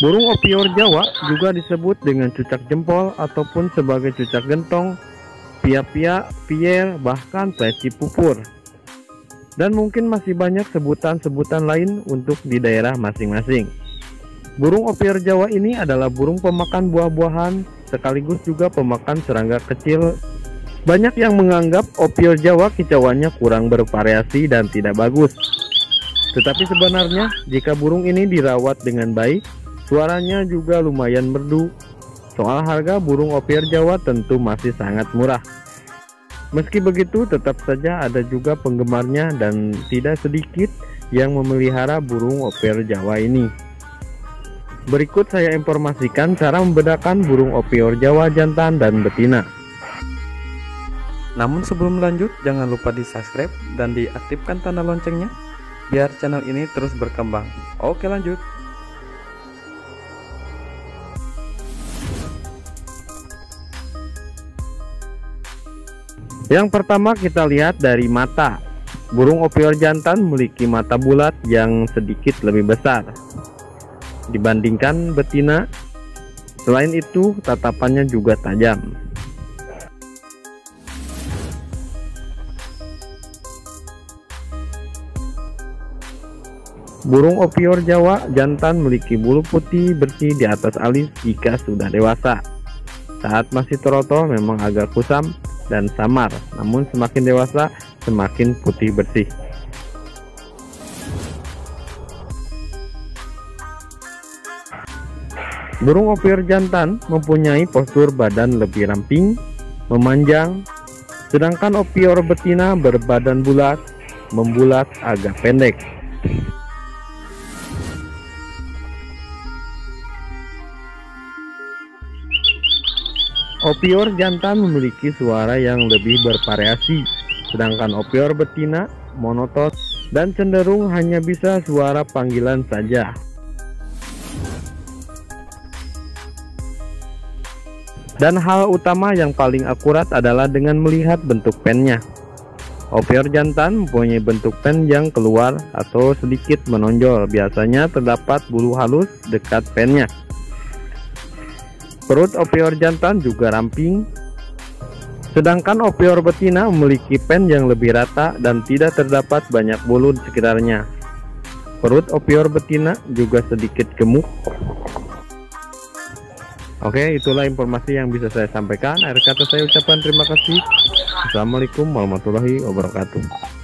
Burung opior Jawa juga disebut dengan cucak jempol ataupun sebagai cucak gentong, pia-pia, pier, bahkan peci pupur. Dan mungkin masih banyak sebutan-sebutan lain untuk di daerah masing-masing. Burung opior Jawa ini adalah burung pemakan buah-buahan sekaligus juga pemakan serangga kecil. Banyak yang menganggap opior Jawa kicauannya kurang bervariasi dan tidak bagus. Tetapi sebenarnya jika burung ini dirawat dengan baik, Suaranya juga lumayan merdu. Soal harga burung opir Jawa tentu masih sangat murah. Meski begitu, tetap saja ada juga penggemarnya dan tidak sedikit yang memelihara burung opir Jawa ini. Berikut saya informasikan cara membedakan burung opior Jawa jantan dan betina. Namun sebelum lanjut, jangan lupa di subscribe dan diaktifkan tanda loncengnya, biar channel ini terus berkembang. Oke lanjut. Yang pertama kita lihat dari mata. Burung opior jantan memiliki mata bulat yang sedikit lebih besar dibandingkan betina. Selain itu, tatapannya juga tajam. Burung opior Jawa jantan memiliki bulu putih bersih di atas alis jika sudah dewasa. Saat masih terotol memang agak kusam, dan samar, namun semakin dewasa semakin putih bersih. Burung opior jantan mempunyai postur badan lebih ramping, memanjang, sedangkan opior betina berbadan bulat, membulat agak pendek. Opior jantan memiliki suara yang lebih bervariasi, sedangkan opior betina monoton dan cenderung hanya bisa suara panggilan saja. Dan hal utama yang paling akurat adalah dengan melihat bentuk pennya. Opior jantan mempunyai bentuk pen yang keluar atau sedikit menonjol. Biasanya terdapat bulu halus dekat pennya. Perut opior jantan juga ramping. Sedangkan opior betina memiliki pen yang lebih rata dan tidak terdapat banyak bulu di sekitarnya. Perut opior betina juga sedikit gemuk. Oke, itulah informasi yang bisa saya sampaikan. Akhir kata saya ucapkan terima kasih. Assalamualaikum warahmatullahi wabarakatuh.